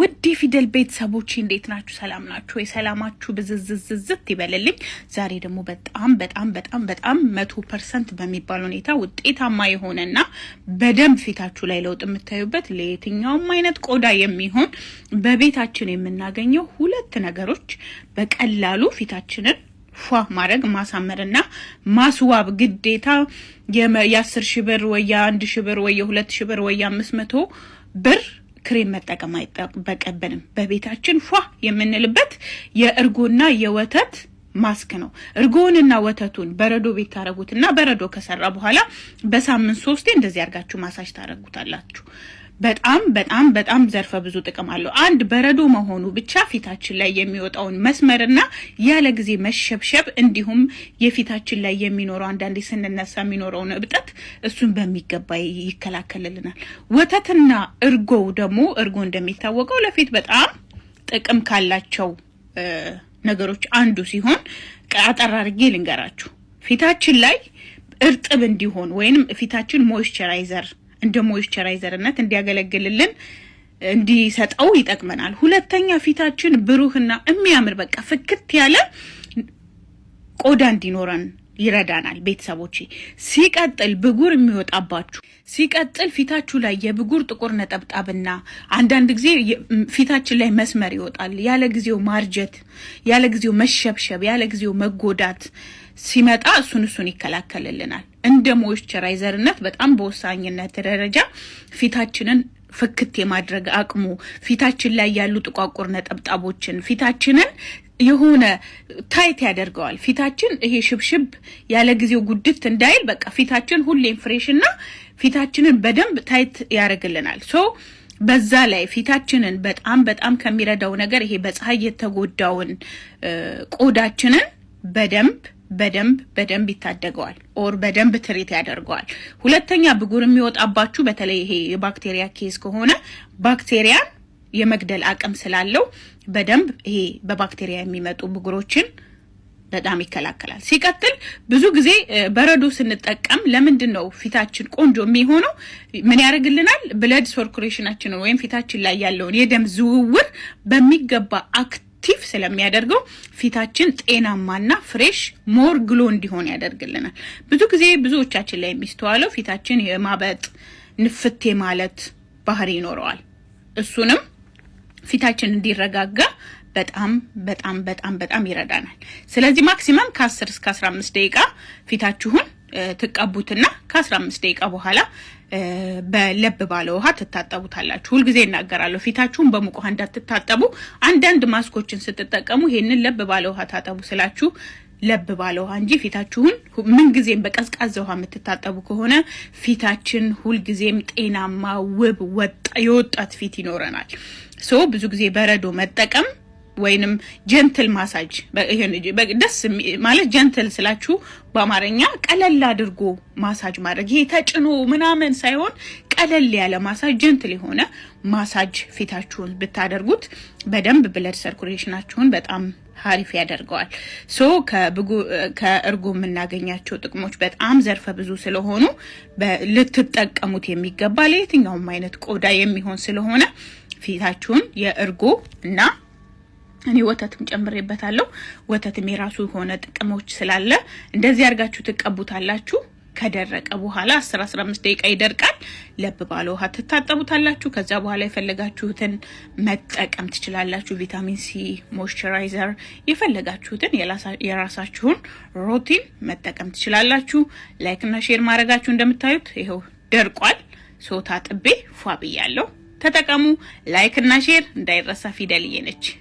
ውድ የፊደል ቤተሰቦች እንዴት ናችሁ? ሰላም ናችሁ? የሰላማችሁ ብዝዝዝዝት ይበልልኝ። ዛሬ ደግሞ በጣም በጣም በጣም በጣም መቶ ፐርሰንት በሚባል ሁኔታ ውጤታማ የሆነና በደንብ ፊታችሁ ላይ ለውጥ የምታዩበት ለየትኛውም አይነት ቆዳ የሚሆን በቤታችን የምናገኘው ሁለት ነገሮች በቀላሉ ፊታችንን ፏ ማድረግ ማሳመርና ማስዋብ ግዴታ የአስር ሺ ብር ወይ የአንድ ሺህ ብር ወይ የሁለት ሺህ ብር ወይ የአምስት መቶ ብር ክሬም መጠቀም አይጠበቅብንም። በቤታችን ፏ የምንልበት የእርጎና የወተት ማስክ ነው። እርጎውንና ወተቱን በረዶ ቤት ታረጉትና በረዶ ከሰራ በኋላ በሳምንት ሶስቴ እንደዚህ አድርጋችሁ ማሳጅ ታረጉታላችሁ። በጣም በጣም በጣም ዘርፈ ብዙ ጥቅም አለው። አንድ በረዶ መሆኑ ብቻ ፊታችን ላይ የሚወጣውን መስመርና ያለ ጊዜ መሸብሸብ እንዲሁም የፊታችን ላይ የሚኖረው አንዳንዴ ስንነሳ የሚኖረውን እብጠት እሱን በሚገባ ይከላከልልናል። ወተትና እርጎው ደግሞ እርጎ እንደሚታወቀው ለፊት በጣም ጥቅም ካላቸው ነገሮች አንዱ ሲሆን አጠር አድርጌ ልንገራችሁ ፊታችን ላይ እርጥብ እንዲሆን ወይንም ፊታችን ሞይስቸራይዘር እንደ ሞይስቸራይዘርነት እንዲያገለግልልን እንዲሰጠው ይጠቅመናል። ሁለተኛ ፊታችን ብሩህና የሚያምር በቃ ፍክት ያለ ቆዳ እንዲኖረን ይረዳናል። ቤተሰቦች ሲቀጥል ብጉር የሚወጣባችሁ ሲቀጥል ፊታችሁ ላይ የብጉር ጥቁር ነጠብጣብና አንዳንድ ጊዜ ፊታችን ላይ መስመር ይወጣል። ያለ ጊዜው ማርጀት፣ ያለ ጊዜው መሸብሸብ፣ ያለ ጊዜው መጎዳት ሲመጣ እሱን እሱን ይከላከልልናል። እንደ ሞይስቸራይዘርነት በጣም በወሳኝነት ደረጃ ፊታችንን ፍክት የማድረግ አቅሙ ፊታችን ላይ ያሉ ጥቋቁር ነጠብጣቦችን ፊታችንን የሆነ ታይት ያደርገዋል። ፊታችን ይሄ ሽብሽብ ያለ ጊዜው ጉድት እንዳይል በቃ ፊታችን ሁሌም ፍሬሽ እና ፊታችንን በደንብ ታይት ያደርግልናል። ሶ በዛ ላይ ፊታችንን በጣም በጣም ከሚረዳው ነገር ይሄ በፀሐይ የተጎዳውን ቆዳችንን በደንብ በደንብ በደንብ ይታደገዋል ኦር በደንብ ትሪት ያደርገዋል። ሁለተኛ ብጉር የሚወጣባችሁ በተለይ ይሄ የባክቴሪያ ኬዝ ከሆነ ባክቴሪያን የመግደል አቅም ስላለው በደንብ ይሄ በባክቴሪያ የሚመጡ ብጉሮችን በጣም ይከላከላል። ሲቀጥል ብዙ ጊዜ በረዶ ስንጠቀም ለምንድን ነው ፊታችን ቆንጆ የሚሆነው? ምን ያደርግልናል? ብለድ ሰርኩሌሽናችንን ወይም ፊታችን ላይ ያለውን የደም ዝውውር በሚገባ አክት አክቲቭ ስለሚያደርገው ፊታችን ጤናማና ፍሬሽ ሞር ግሎ እንዲሆን ያደርግልናል። ብዙ ጊዜ ብዙዎቻችን ላይ የሚስተዋለው ፊታችን የማበጥ ንፍቴ ማለት ባህሪ ይኖረዋል። እሱንም ፊታችን እንዲረጋጋ በጣም በጣም በጣም በጣም ይረዳናል። ስለዚህ ማክሲመም ከ እስከ አስራ 15 ደቂቃ ፊታችሁን ትቀቡትና ከ15 ደቂቃ በኋላ በለብ ባለ ውሃ ትታጠቡታላችሁ። ሁልጊዜ እናገራለሁ፣ ፊታችሁን በሙቅ ውሃ እንዳትታጠቡ። አንዳንድ ማስኮችን ስትጠቀሙ ይሄንን ለብ ባለ ውሃ ታጠቡ ስላችሁ ለብ ባለ ውሃ እንጂ ፊታችሁን ምንጊዜም በቀዝቃዛ ውሃ የምትታጠቡ ከሆነ ፊታችን ሁልጊዜም ጤናማ፣ ውብ፣ ወጣ የወጣት ፊት ይኖረናል። ሶ ብዙ ጊዜ በረዶ መጠቀም ወይንም ጀንትል ማሳጅ ደስ ማለት ጀንትል ስላችሁ በአማርኛ ቀለል አድርጎ ማሳጅ ማድረግ ይሄ ተጭኖ ምናምን ሳይሆን ቀለል ያለ ማሳጅ ጀንትል የሆነ ማሳጅ ፊታችሁን ብታደርጉት በደንብ ብለድ ሰርኩሌሽናችሁን በጣም ሀሪፍ ያደርገዋል። ሶ ከእርጎ የምናገኛቸው ጥቅሞች በጣም ዘርፈ ብዙ ስለሆኑ ልትጠቀሙት የሚገባ ለየትኛውም አይነት ቆዳ የሚሆን ስለሆነ ፊታችሁን የእርጎ እና እኔ ወተትም ጨምሬበታለሁ። ወተትም የራሱ የሆነ ጥቅሞች ስላለ እንደዚህ አድርጋችሁ ትቀቡታላችሁ። ከደረቀ በኋላ 10 15 ደቂቃ ይደርቃል። ለብ ባለ ውሃ ትታጠቡታላችሁ። ከዛ በኋላ የፈለጋችሁትን መጠቀም ትችላላችሁ። ቪታሚን ሲ፣ ሞይስቸራይዘር የፈለጋችሁትን የራሳችሁን ሮቲን መጠቀም ትችላላችሁ። ላይክና ሼር ማድረጋችሁ እንደምታዩት ይኸው ደርቋል። ሶታ ጥቤ ፏ ብያለሁ። ተጠቀሙ። ላይክና ሼር እንዳይረሳ። ፊደልዬ ነች።